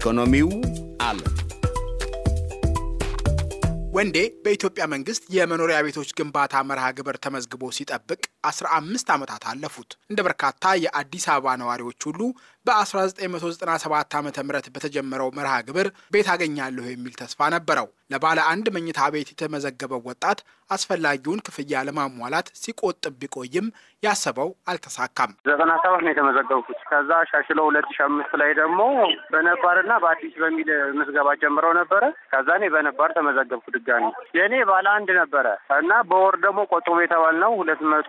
ekonomiu alen. ወንዴ በኢትዮጵያ መንግስት የመኖሪያ ቤቶች ግንባታ መርሃ ግብር ተመዝግቦ ሲጠብቅ 15 ዓመታት አለፉት። እንደ በርካታ የአዲስ አበባ ነዋሪዎች ሁሉ በ1997 ዓ ም በተጀመረው መርሃ ግብር ቤት አገኛለሁ የሚል ተስፋ ነበረው። ለባለ አንድ መኝታ ቤት የተመዘገበው ወጣት አስፈላጊውን ክፍያ ለማሟላት ሲቆጥብ ቢቆይም ያሰበው አልተሳካም። ዘጠና ሰባት ነው የተመዘገብኩት። ከዛ ሻሽለው ሁለት ሺ አምስት ላይ ደግሞ በነባርና በአዲስ በሚል ምዝገባ ጀምረው ነበረ። ከዛ እኔ በነባር ተመዘገብኩት። ድጋሚ የእኔ ባለ አንድ ነበረ እና በወር ደግሞ ቆጥቦ የተባልነው ሁለት መቶ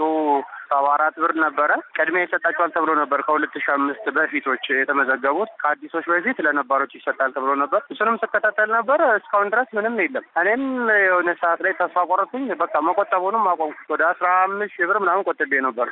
ሰባ አራት ብር ነበረ። ቅድሚያ ይሰጣቸዋል ተብሎ ነበር ከሁለት ሺ አምስት በፊቶች የተመዘገቡት ከአዲሶች በፊት ለነባሮች ይሰጣል ተብሎ ነበር። እሱንም ስከታተል ነበር። እስካሁን ድረስ ምንም የለም። እኔም የሆነ ሰዓት ላይ ተስፋ ቆረጥኩኝ። በቃ መቆጠቡንም አቆምኩ። ወደ አስራ አምስት ሺህ ብር ምናምን ቆጥቤ ነበር።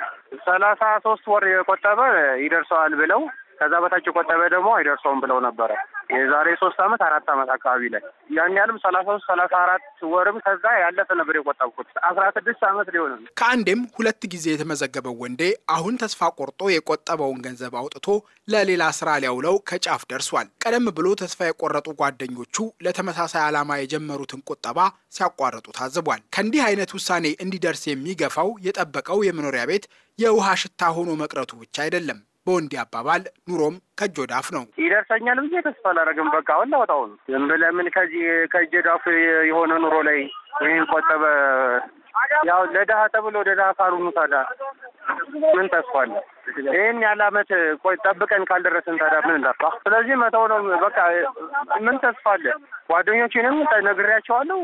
ሰላሳ ሶስት ወር የቆጠበ ይደርሰዋል ብለው ከዛ በታች የቆጠበ ደግሞ አይደርሰውም ብለው ነበረ የዛሬ ሶስት አመት አራት አመት አካባቢ ላይ ያን ያህልም ሰላሳ ሶስት ሰላሳ አራት ወርም ከዛ ያለፈ ነበር የቆጠብኩት አስራ ስድስት አመት ሊሆን ከአንዴም ሁለት ጊዜ የተመዘገበው ወንዴ አሁን ተስፋ ቆርጦ የቆጠበውን ገንዘብ አውጥቶ ለሌላ ስራ ሊያውለው ከጫፍ ደርሷል። ቀደም ብሎ ተስፋ የቆረጡ ጓደኞቹ ለተመሳሳይ ዓላማ የጀመሩትን ቁጠባ ሲያቋርጡ ታዝቧል። ከእንዲህ አይነት ውሳኔ እንዲደርስ የሚገፋው የጠበቀው የመኖሪያ ቤት የውሃ ሽታ ሆኖ መቅረቱ ብቻ አይደለም። በወንድ አባባል ኑሮም ከእጅ ወደ አፍ ነው። ይደርሰኛል ብዬ ተስፋ አላደርግም። በቃ አሁን ለወጣውን ዝም ብለህ ምን ከዚህ ከእጅ ወደ አፍ የሆነ ኑሮ ላይ ይህን ቆጠበ ያው ለድሀ ተብሎ ወደ ድሀ ሳሩኑ ታዳ ምን ተስፋ አለ? ይህን ያለ አመት ቆይ ጠብቀን ካልደረስን ታዳ ምን እንዳፋ። ስለዚህ መተው ነው በቃ ምን ተስፋ አለ? ጓደኞችንም ነግሬያቸዋለሁ።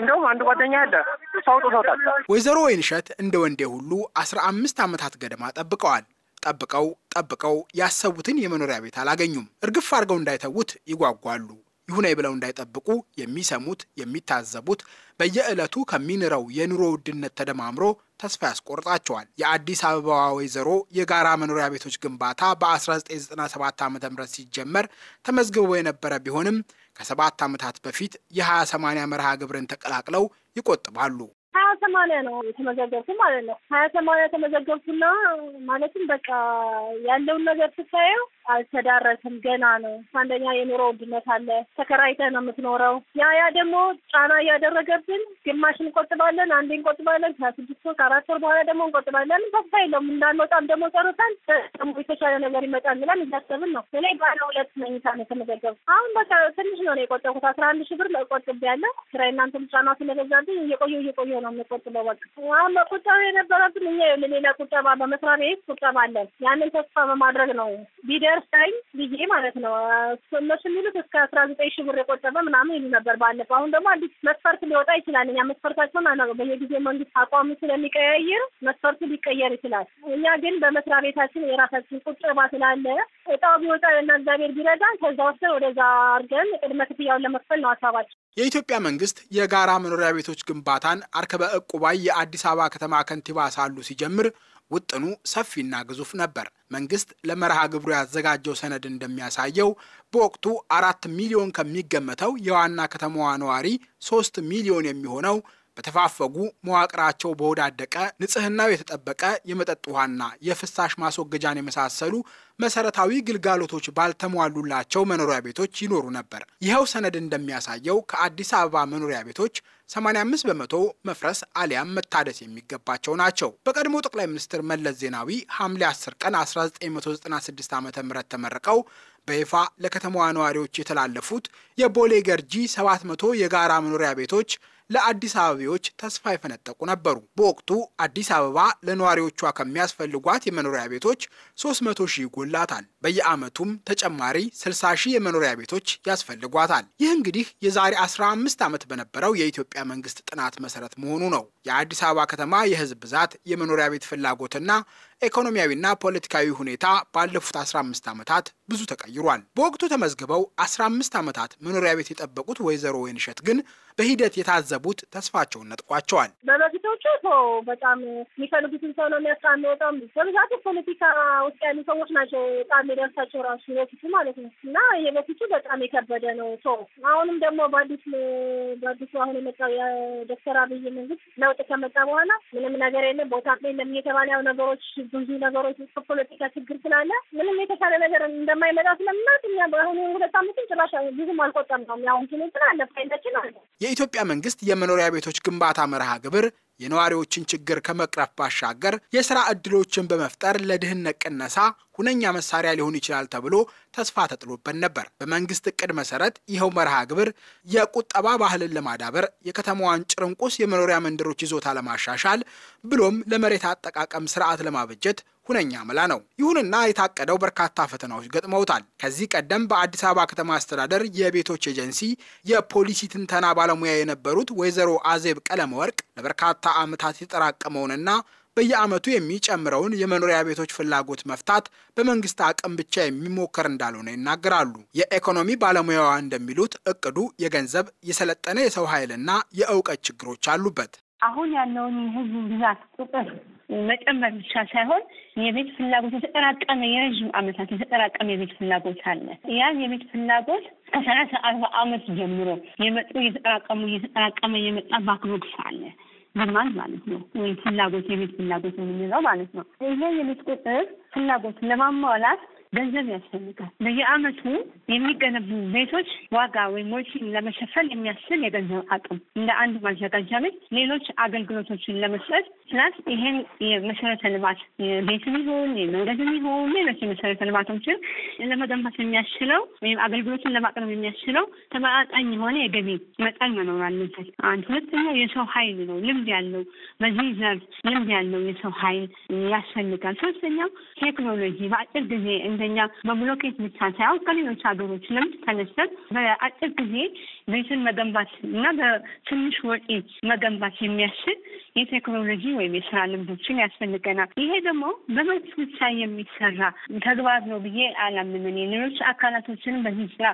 እንደውም አንድ ጓደኛ ያለ ሰውጡ ሰውታል። ወይዘሮ ወይንሸት እንደ ወንዴ ሁሉ አስራ አምስት አመታት ገደማ ጠብቀዋል። ጠብቀው ጠብቀው ያሰቡትን የመኖሪያ ቤት አላገኙም። እርግፍ አድርገው እንዳይተዉት ይጓጓሉ። ይሁኔ ብለው እንዳይጠብቁ የሚሰሙት የሚታዘቡት በየዕለቱ ከሚንረው የኑሮ ውድነት ተደማምሮ ተስፋ ያስቆርጣቸዋል። የአዲስ አበባዋ ወይዘሮ የጋራ መኖሪያ ቤቶች ግንባታ በ1997 ዓ ም ሲጀመር ተመዝግቦ የነበረ ቢሆንም ከሰባት ዓመታት በፊት የ20/80 መርሃ ግብርን ተቀላቅለው ይቆጥባሉ። ሀያ ሰማንያ ነው የተመዘገብኩ ማለት ነው። ሀያ ሰማንያ የተመዘገብኩና ማለትም በቃ ያለውን ነገር ስታየው አልተዳረስም፣ ገና ነው። አንደኛ የኑሮ ውድነት አለ፣ ተከራይተ ነው የምትኖረው። ያ ያ ደግሞ ጫና እያደረገብን፣ ግማሽ እንቆጥባለን፣ አንዴ እንቆጥባለን፣ ከስድስት ወር ከአራት ወር በኋላ ደግሞ እንቆጥባለን። ተስፋ የለውም እንዳንወጣም ደግሞ ጸሩታል፣ ደግሞ የተሻለ ነገር ይመጣል ብለን እያሰብን ነው። እኔ ባለ ሁለት መኝታ ነው የተመዘገብኩት። አሁን በቃ ትንሽ ነው የቆጠብኩት፣ አስራ አንድ ሺህ ብር ቆጥብ ያለው ስራዬ፣ እናንተም ጫና ስለበዛብኝ እየቆየ እየቆየ ነው የምቆጥበው። በቃ አሁን በቁጠባ የነበረብን እኛ የሌላ ቁጠባ በመስሪያ ቤት ቁጠባ አለን፣ ያንን ተስፋ በማድረግ ነው ቢደር ሲደርሰኝ ብዬ ማለት ነው እነሱ የሚሉት እስከ አስራ ዘጠኝ ሺህ ብር የቆጠበ ምናምን ይሉ ነበር ባለፈው። አሁን ደግሞ አዲስ መስፈርት ሊወጣ ይችላል። እኛ መስፈርታቸውን አ በየጊዜ መንግስት አቋሙ ስለሚቀያየር መስፈርቱ ሊቀየር ይችላል። እኛ ግን በመስሪያ ቤታችን የራሳችን ቁጠባ ስላለ እጣው ቢወጣ እና እግዚአብሔር ቢረዳን ከዛ ወስደን ወደዛ አድርገን ቅድመ ክፍያውን ለመክፈል ነው ሀሳባችን። የኢትዮጵያ መንግስት የጋራ መኖሪያ ቤቶች ግንባታን አርከበ እቁባይ የአዲስ አበባ ከተማ ከንቲባ ሳሉ ሲጀምር ውጥኑ ሰፊና ግዙፍ ነበር። መንግስት ለመርሃ ግብሩ ያዘጋጀው ሰነድ እንደሚያሳየው በወቅቱ አራት ሚሊዮን ከሚገመተው የዋና ከተማዋ ነዋሪ ሶስት ሚሊዮን የሚሆነው በተፋፈጉ መዋቅራቸው በወዳደቀ ንጽህናው የተጠበቀ የመጠጥ ውሃና የፍሳሽ ማስወገጃን የመሳሰሉ መሰረታዊ ግልጋሎቶች ባልተሟሉላቸው መኖሪያ ቤቶች ይኖሩ ነበር። ይኸው ሰነድ እንደሚያሳየው ከአዲስ አበባ መኖሪያ ቤቶች 85 በመቶ መፍረስ አሊያም መታደስ የሚገባቸው ናቸው። በቀድሞ ጠቅላይ ሚኒስትር መለስ ዜናዊ ሐምሌ 10 ቀን 1996 ዓ ም ተመርቀው በይፋ ለከተማዋ ነዋሪዎች የተላለፉት የቦሌ ገርጂ 700 የጋራ መኖሪያ ቤቶች ለአዲስ አበቤዎች ተስፋ የፈነጠቁ ነበሩ። በወቅቱ አዲስ አበባ ለነዋሪዎቿ ከሚያስፈልጓት የመኖሪያ ቤቶች 300 ሺህ ይጎላታል። በየዓመቱም ተጨማሪ 60 ሺህ የመኖሪያ ቤቶች ያስፈልጓታል። ይህ እንግዲህ የዛሬ 15 ዓመት በነበረው የኢትዮጵያ መንግስት ጥናት መሰረት መሆኑ ነው። የአዲስ አበባ ከተማ የህዝብ ብዛት፣ የመኖሪያ ቤት ፍላጎትና ኢኮኖሚያዊና ፖለቲካዊ ሁኔታ ባለፉት 15 ዓመታት ብዙ ተቀይሯል። በወቅቱ ተመዝግበው 15 ዓመታት መኖሪያ ቤት የጠበቁት ወይዘሮ ወይንሸት ግን በሂደት የታዘቡት ተስፋቸውን ነጥቋቸዋል። ፓርቲዎቹ በጣም የሚፈልጉትን ሰው ነው የሚያስቀምጠው። በብዛቱ ፖለቲካ ውስጥ ያሉ ሰዎች ናቸው በጣም የሚደርሳቸው ራሱ የበፊቱ ማለት ነው እና የበፊቱ በጣም የከበደ ነው ሰው አሁንም ደግሞ በአዲስ በአዲሱ አሁን የመጣው የዶክተር አብይ መንግስት ለውጥ ከመጣ በኋላ ምንም ነገር የለም ቦታ የለም እየተባለ ያው ነገሮች ብዙ ነገሮች ፖለቲካ ችግር ስላለ ምንም የተሻለ ነገር እንደማይመጣ ስለምናት እኛ በአሁኑ ሁለት አመትን ጭራሽ ብዙም አልቆጠም ነው ያሁን ትንትን አለ ፋይላችን አለ የኢትዮጵያ መንግስት የመኖሪያ ቤቶች ግንባታ መርሃ ግብር የነዋሪዎችን ችግር ከመቅረፍ ባሻገር የስራ ዕድሎችን በመፍጠር ለድህነት ቅነሳ ሁነኛ መሳሪያ ሊሆን ይችላል ተብሎ ተስፋ ተጥሎበት ነበር። በመንግስት እቅድ መሰረት ይኸው መርሃ ግብር የቁጠባ ባህልን ለማዳበር የከተማዋን ጭርንቁስ የመኖሪያ መንደሮች ይዞታ ለማሻሻል ብሎም ለመሬት አጠቃቀም ስርዓት ለማበጀት ሁነኛ መላ ነው። ይሁንና የታቀደው በርካታ ፈተናዎች ገጥመውታል። ከዚህ ቀደም በአዲስ አበባ ከተማ አስተዳደር የቤቶች ኤጀንሲ የፖሊሲ ትንተና ባለሙያ የነበሩት ወይዘሮ አዜብ ቀለመወርቅ ለበርካታ ዓመታት የተጠራቀመውንና በየዓመቱ የሚጨምረውን የመኖሪያ ቤቶች ፍላጎት መፍታት በመንግስት አቅም ብቻ የሚሞከር እንዳልሆነ ይናገራሉ። የኢኮኖሚ ባለሙያዋ እንደሚሉት እቅዱ የገንዘብ፣ የሰለጠነ የሰው ኃይልና የእውቀት ችግሮች አሉበት። አሁን ያለውን የህዝብ ብዛት ቁጥር መጨመር ብቻ ሳይሆን የቤት ፍላጎት የተጠራቀመ የረዥም ዓመታት የተጠራቀመ የቤት ፍላጎት አለ። ያን የቤት ፍላጎት ከሰላሳ አርባ ዓመት ጀምሮ የመጡ እየተጠራቀሙ እየተጠራቀመ የመጣ ባክሎግስ አለ። ዲማንድ ማለት ነው ወይም ፍላጎት የቤት ፍላጎት የምንለው ማለት ነው። ይሄ የቤት ቁጥር ፍላጎትን ለማሟላት ገንዘብ ያስፈልጋል። በየአመቱ የሚገነቡ ቤቶች ዋጋ ወይም ወጪን ለመሸፈን የሚያስችል የገንዘብ አቅም እንደ አንድ ማዘጋጃ ቤት ሌሎች አገልግሎቶችን ለመስጠት ፕላስ ይሄን የመሰረተ ልማት የቤትም ይሁን የመንገድም ይሁን ሌሎች የመሰረተ ልማቶችን ለመገንባት የሚያስችለው ወይም አገልግሎትን ለማቅረብ የሚያስችለው ተመጣጣኝ የሆነ የገቢ መጠን መኖር አለበት። አንድ ሁለተኛ የሰው ኃይል ነው። ልምድ ያለው በዚህ ዘርፍ ልምድ ያለው የሰው ኃይል ያስፈልጋል። ሶስተኛው ቴክኖሎጂ በአጭር ጊዜ አንደኛ በብሎኬት ብቻ ሳይሆን ከሌሎች ሀገሮች ልምድ ተነስተን በአጭር ጊዜ ቤትን መገንባት እና በትንሽ ወጪ መገንባት የሚያስችል የቴክኖሎጂ ወይም የስራ ልምዶችን ያስፈልገናል። ይሄ ደግሞ በመንግስት ብቻ የሚሰራ ተግባር ነው ብዬ አላምንም። ሌሎች አካላቶችንም በዚህ ስራ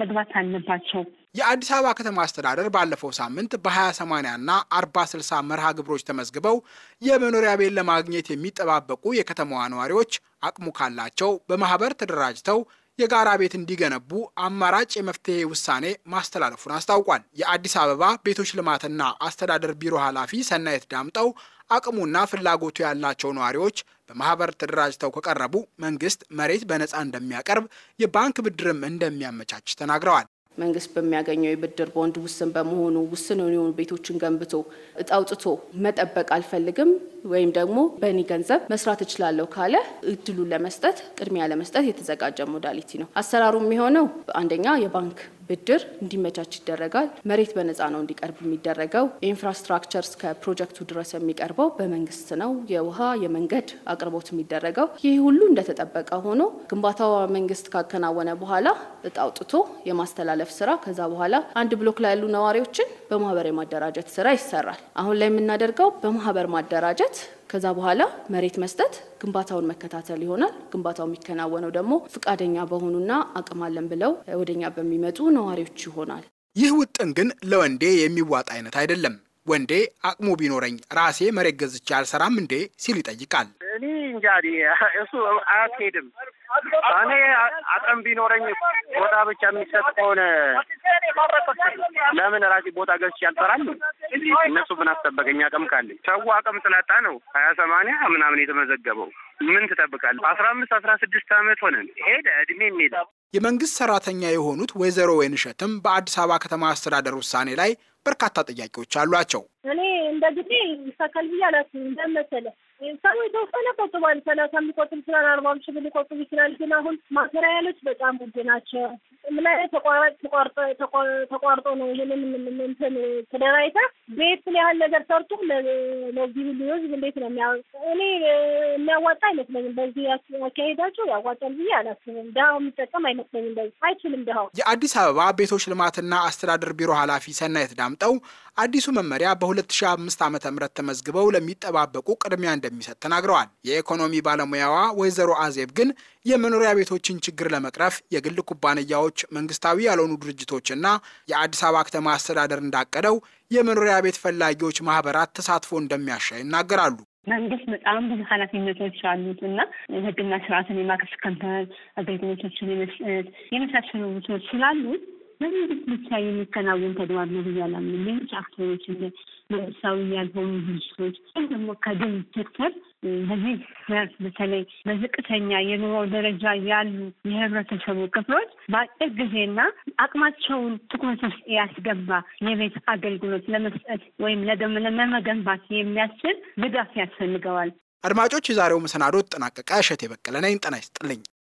መግባት አለባቸው። የአዲስ አበባ ከተማ አስተዳደር ባለፈው ሳምንት በ20/80 እና 40/60 መርሃ ግብሮች ተመዝግበው የመኖሪያ ቤት ለማግኘት የሚጠባበቁ የከተማዋ ነዋሪዎች አቅሙ ካላቸው በማህበር ተደራጅተው የጋራ ቤት እንዲገነቡ አማራጭ የመፍትሄ ውሳኔ ማስተላለፉን አስታውቋል። የአዲስ አበባ ቤቶች ልማትና አስተዳደር ቢሮ ኃላፊ ሰናየት ዳምጠው አቅሙና ፍላጎቱ ያላቸው ነዋሪዎች በማህበር ተደራጅተው ከቀረቡ መንግስት መሬት በነፃ እንደሚያቀርብ፣ የባንክ ብድርም እንደሚያመቻች ተናግረዋል። መንግስት በሚያገኘው የብድር ቦንድ ውስን በመሆኑ ውስን የሆኑ ቤቶችን ገንብቶ እጣውጥቶ መጠበቅ አልፈልግም ወይም ደግሞ በእኔ ገንዘብ መስራት እችላለሁ ካለ እድሉን ለመስጠት ቅድሚያ ለመስጠት የተዘጋጀ ሞዳሊቲ ነው። አሰራሩ የሚሆነው አንደኛ የባንክ ብድር እንዲመቻች ይደረጋል። መሬት በነፃ ነው እንዲቀርብ የሚደረገው። ኢንፍራስትራክቸር እስከ ፕሮጀክቱ ድረስ የሚቀርበው በመንግስት ነው። የውሃ የመንገድ አቅርቦት የሚደረገው ይህ ሁሉ እንደተጠበቀ ሆኖ ግንባታው መንግስት ካከናወነ በኋላ እጣ አውጥቶ የማስተላለፍ ስራ ከዛ በኋላ አንድ ብሎክ ላይ ያሉ ነዋሪዎችን በማህበር የማደራጀት ስራ ይሰራል። አሁን ላይ የምናደርገው በማህበር ማደራጀት፣ ከዛ በኋላ መሬት መስጠት፣ ግንባታውን መከታተል ይሆናል። ግንባታው የሚከናወነው ደግሞ ፍቃደኛ በሆኑና አቅም አለን ብለው ወደኛ በሚመጡ ነዋሪዎች ይሆናል። ይህ ውጥን ግን ለወንዴ የሚዋጣ አይነት አይደለም። ወንዴ አቅሙ ቢኖረኝ ራሴ መሬት ገዝቼ አልሰራም እንዴ ሲል ይጠይቃል። እኔ እንጃ እሱ አያስሄድም። እኔ አቅም ቢኖረኝ ቦታ ብቻ የሚሰጥ ከሆነ ለምን ራሴ ቦታ ገዝቼ አልሰራም? እነሱ ምን አስጠበቀኝ? አቅም ካለ ሰው አቅም ስላጣ ነው ሀያ ሰማንያ ምናምን የተመዘገበው ምን ትጠብቃለህ? አስራ አምስት አስራ ስድስት ዓመት ሆነን ሄደ እድሜ ሄደ። የመንግስት ሰራተኛ የሆኑት ወይዘሮ ወይንሸትም በአዲስ አበባ ከተማ አስተዳደር ውሳኔ ላይ በርካታ ጥያቄዎች አሏቸው። እኔ እንደ ግዴ ይሳካል ብዬ አላት እንደመሰለ ሰው የተወሰነ ቆጥቧል። ሰላሳ ሊቆጥብ ይችላል፣ አርባ ሺህ ሊቆጥብ ይችላል። ግን አሁን ማቴሪያሎች በጣም ውድ ናቸው። ላይ ተቋራጭ ተቋርጦ ነው ይሄንን እንትን ተደራይታ ቤትን ያህል ነገር ሰርቶ ለዚህ ሁሉ ህዝብ እንዴት ነው የሚያ እኔ የሚያዋጣ አይመስለኝም። በዚህ አካሄዳቸው ያዋጣል ብዬ አላስብም። ድሃው የሚጠቀም አይመስለኝም። በዚህ አይችልም ድሃው። የአዲስ አበባ ቤቶች ልማትና አስተዳደር ቢሮ ኃላፊ ሰናይት ዳምጠው አዲሱ መመሪያ በ2005 ዓ ም ተመዝግበው ለሚጠባበቁ ቅድሚያ እንደሚሰጥ ተናግረዋል። የኢኮኖሚ ባለሙያዋ ወይዘሮ አዜብ ግን የመኖሪያ ቤቶችን ችግር ለመቅረፍ የግል ኩባንያዎች ባለሀብቶች፣ መንግስታዊ ያልሆኑ ድርጅቶችና የአዲስ አበባ ከተማ አስተዳደር እንዳቀደው የመኖሪያ ቤት ፈላጊዎች ማህበራት ተሳትፎ እንደሚያሻ ይናገራሉ። መንግስት በጣም ብዙ ኃላፊነቶች አሉት እና ህግና ስርዓትን የማስከበር አገልግሎቶችን የመስጠት የመሳሰሉ ቦታዎች ስላሉ መንግስት ብቻ የሚከናወን ተግባር ነው ብያለሁ። ሌሎች አክተሮች መንግስታዊ ያልሆኑ ድርጅቶች ወይም ደግሞ ከግል ሴክተር በዚህ ዘርፍ በተለይ በዝቅተኛ የኑሮ ደረጃ ያሉ የህብረተሰቡ ክፍሎች በአጭር ጊዜና አቅማቸውን ትኩረት ውስጥ ያስገባ የቤት አገልግሎት ለመስጠት ወይም ለመገንባት የሚያስችል ድጋፍ ያስፈልገዋል። አድማጮች፣ የዛሬው መሰናዶ ተጠናቀቀ። እሸት የበቀለ ነኝ። ጤና ይስጥልኝ።